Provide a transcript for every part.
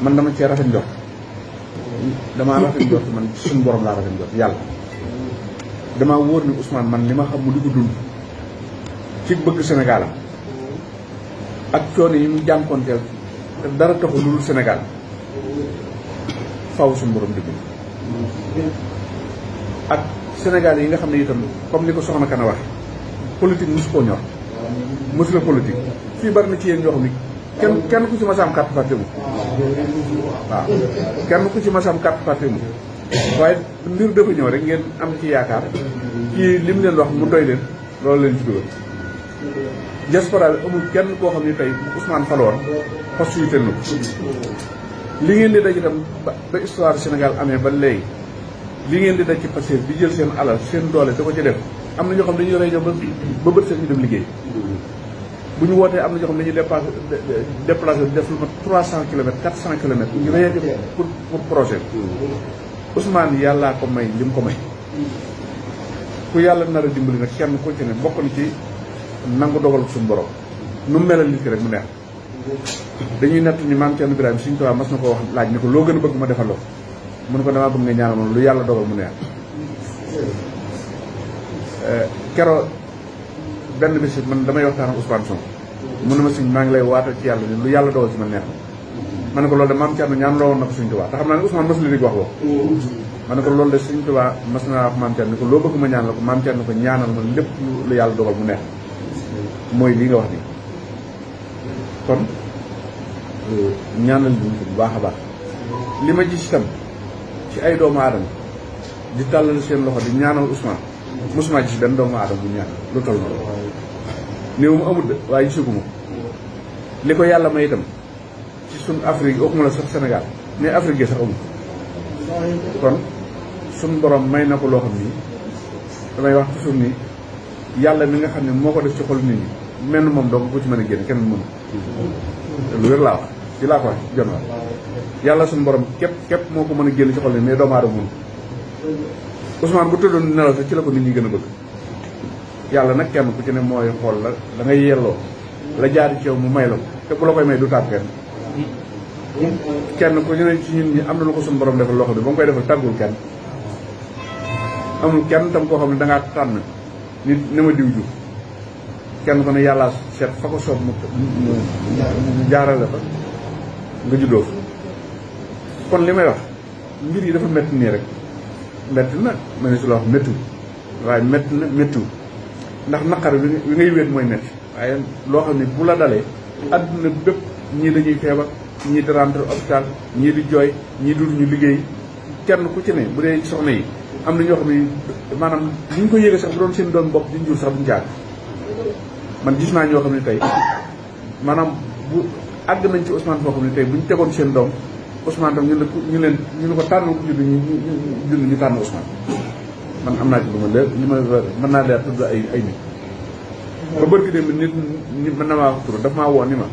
man dama cee rafet njort damaa rafet njort man suñu borom laa rafet njort yàlla damaa wóor ni Ousmane man li ma xam mu di ko dund ci bëgg Sénégal ak coono yi mu jànkoonteel te dara taxu lu dul Sénégal faw suñu borom dugg ak Sénégal yi nga xam ne itam comme ni ko soxna Kana waxe politique mosu koo ñor mosu la politique fii bari na ci yéen ñoo xam kenn kenn ku ci mas a am carte fàtte mu waaw kenn ku ci mas a am carte fàtte waaye mbir dafa ñëw rek ngeen am ci yaakaar kii li mu leen wax mu doy leen loolu leen ci dugal diaspora amul kenn koo xam ne tey Ousmane Falor postulité na ko li ngeen di daj itam ba ba histoire amee ba léegi li ngeen di daj ci passé bi jël seen alal seen doole da ko ci def am na ñoo xam dañuy rey ñoom ba bët seen ñu dem liggéey bu ñu wootee am na ñoo xam ne dañuy déplacé déplacé def lu ma trois cent kilomètres quatre cent kilomètres ñu rien que pour pour projet bi yàllaa ko may li mu ko may ku yàlla nar a dimbali nag kenn ku ci ne bokk na ci nangu dogal suñu borom nu mu melal nit ki rek mu neex dañuy nett ni maam Thierno Birahim suñu tubaab mas na ko wax laaj ni ko loo gën a bëgg ma defaloo la ko mu ne ko damaa bëgg nga ñaanal lu yàlla dogal mu neex eh, kero benn bés man damay waxtaan ak Ousmane Sonko mu ne ma sëñ maa ngi lay waatal ci yàlla ne lu yàlla dogal ci man neex na ma ne ko loolu de maam Thierno ñaan loo woon na ko sëñ Tuubaa te xam naa ma ne ko loolu de sëñ Tuubaa mas naa wax maam Thierno ni ko loo bëgg ma ñaan la ko ko ñaanal ma lépp lu yàlla dogal mu mooy lii wax ni kon euh, bu baax a baax ma gis itam ci ay doomu aadama di tàllal seen loxo di ñaanal Ousmane mosuma benn doomu aadama bu ñaan lu toll noonu néew mu amul de waaye gisagu ma li ko yàlla may itam ci suñ Afrique waxuma la sax Sénégal mais Afrique gi sax amul kon sun borom may na ko loo xam ni damay wax toujours ni yàlla mi nga xam ne moo ko def ci xol nit ñi menn moom dong ko ci mën a génn kenn mënu lu wér laa wax ci laa ko wax jon wa yàlla suñu borom képp képp moo ko mën a génn ci xol nit mais doomu aadama mënu bu tëddoon nelaw sax ci la ko nit ñi gën a bëgg yàlla nag kenn ku ci ne mooy xool la da ngay yelloo la jaar ci mu may la ko te bu la koy may du tàpp kenn kenn ku ci ne ci ñun ñi am na lu ko suñu borom defal loxo bi ba mu koy defal tàggul kenn amul kenn tam koo xam ne da ngaa tànn nit ne ma diw ju kenn ku ne yàlla seet fa ko soob mu mu jaarale fa nga juddoo fa kon li may wax mbir yi dafa métti nii rek métti na ma ne su la wax méttiwul waaye métti na méttiwul ndax naqar bi ngay wéet mooy metti waaye loo xam ne bu la dalee àdduna bépp ñii lañuy feebar ñii di rentre hôpital ñii di jooy ñii duñu liggéey kenn ku ci ne bu dee soxna yi am na ñoo xam ne maanaam li ñu ko yëgee sax bu doon seen doon bopp di njur sax duñ man gis naa ñoo xam ne tey maanaam bu nañ ci Ousmane foo xam ne ñu tegoon seen doom Ousmane tam ñu ne ñu leen ñu ne ko tànn ko judd ñu judd ñu tànn Ousmane man am naa ci lu ma leer mën naa leer tudd ay ay nit ba bërki dem nit nit na maa wax tur maa woo ni ma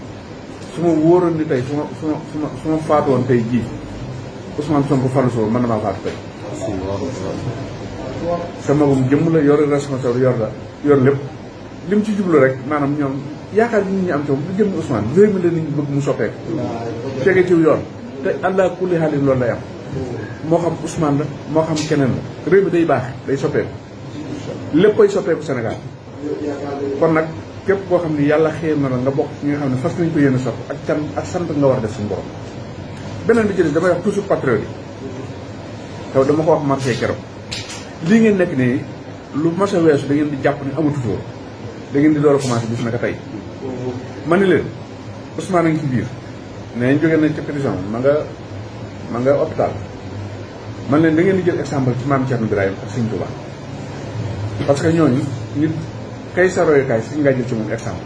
su ma wóoroon ni tey su ma su ma su ma faatoon tey jii Ousmane Sonko falu soo mën na maa faatu tey sama magum jëmm la yor responsable yor la yor lépp li mu ci jublu rek maanaam ñoom yaakaar bi nit ñi am ci moom du jëm Ousmane réew mi la bëgg mu soppeeku tege ci yoon te allah kulli xaalis loolu lay am moo xam Ousmane la moo xam keneen la réew mi day baax day soppeeku léppay soppeeku Sénégal kon nag képp koo xam ne yàlla xëy na la nga bokk ci nga xam ne fas nañ ko yéene sopp ak can ak sant nga war def si borom beneen bi ci des damay wax toujours patriote yi te dama ko wax marché keroog lii ngeen nekk nii lu mas a weesu da ngeen di jàpp ni amatu foo da ngeen di door a commencé bis naka tey ma ni leen Ousmane a ngi ci biir ne jóge nañ ci prison man ngay hôpital man leen da ngeen di jël exemple ci mam cheikh ibrahim ak seigne touba parce que ñoñu nit kay sa royukaay si nga jël ci mom exemple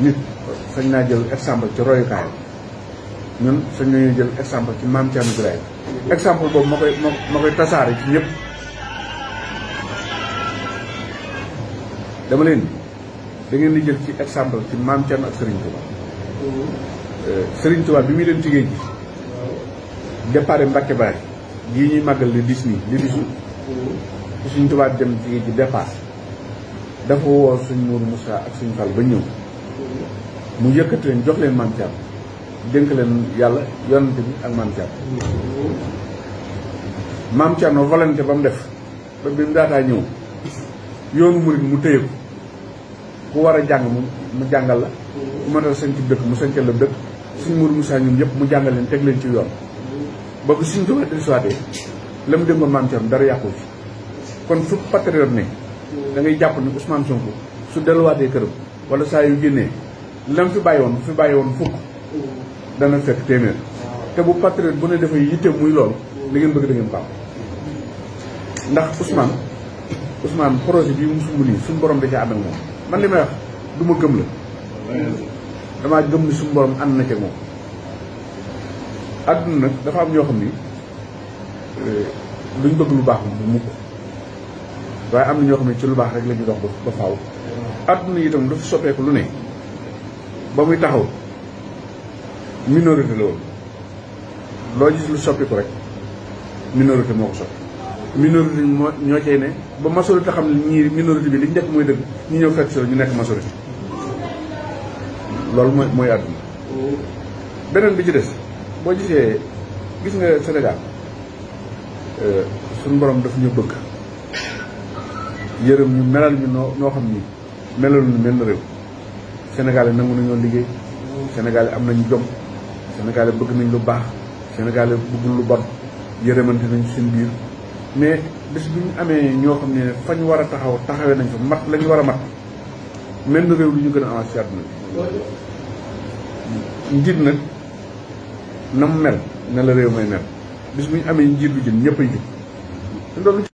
nit seigne na jël exemple ci kay ñun seigne ñu jël exemple ci mam cheikh ibrahim exemple bobu ma koy ma ci ñëpp dama leen da ngeen di jël ci exemple ci mam cheikh ak seigne Touba mm-hmm. euh, Serigne Touba bi muy dem ci géej départ Mbacke bay gii ñuy magal li dix nii le dix août suñ tubaab dem ci ci départ dafa wo suñu Mourou musa ak suñu fal ba ñew mu yëkëte leen jox leen maam denk leen yalla yonent bi ak maam Thiam maam Thiam volonté bam def ba bi mu daataa ñëw yoonu murid mu teyeku ku wara jang mu mu jangal la ku mën a ci dëkk mu ci la dëkk suñu Mourou musa ñun yëpp mu jangal leen tek leen ci yoon ba bu suñ tuba dellusiwaatee lam mu ma mam Thiam dara yakku kon fu patriot ne da ngay japp ni Ousmane Sonko su del delluwaatee kërëm wala sa yu génnee lam fi bayiwon fi bayiwon woon da na fekk téeméer té bu patriot bu ne dafa yité muy lool li ngeen bëgg da ngeen baax ndax Ousmane Ousmane projet bi mu sumb nii suñu borom da ci adam ak man limay wax duma gëm la dama gëm ni suñu borom ànd na ci moom àdduna nag dafa am ñoo xam ni luñ bëgg lu baax bu mukk waaye am na ñoo xam ne ci lu baax rek la ñu dox ba faaw àdduna itam dafa soppeeku lu ne ba muy taxaw minorité la woon loo gis lu soppeeku rek minorité moo ko soppi minorité moo ñoo cay ne ba majorité xam ne ñii minorité bi li ñu nekk mooy dëgg ñu ñëw fekk si ñu nekk majorité loolu mooy mooy àdduna beneen bi ci des bo gisé gis nga Sénégal euh sun borom daf ñu bëgg yërem ñu melal ñu no noo xam ni melal ñu mel rew Sénégal yi nangu nañoo liggéey Sénégal am nañu jom Sénégal bëgg nañ lu baax Sénégal bëgg lu bon yërëmante nañ seen biir mais bis bu ñu amé ño xam ne fañ wara taxaw taxawé nañ fa mat la wara mat mel rew lu ñu gëna a avancé àdduna bi njiit na mu mel ne la réew may mel bis bu ñu amee njiit bu jën ñëpp a jub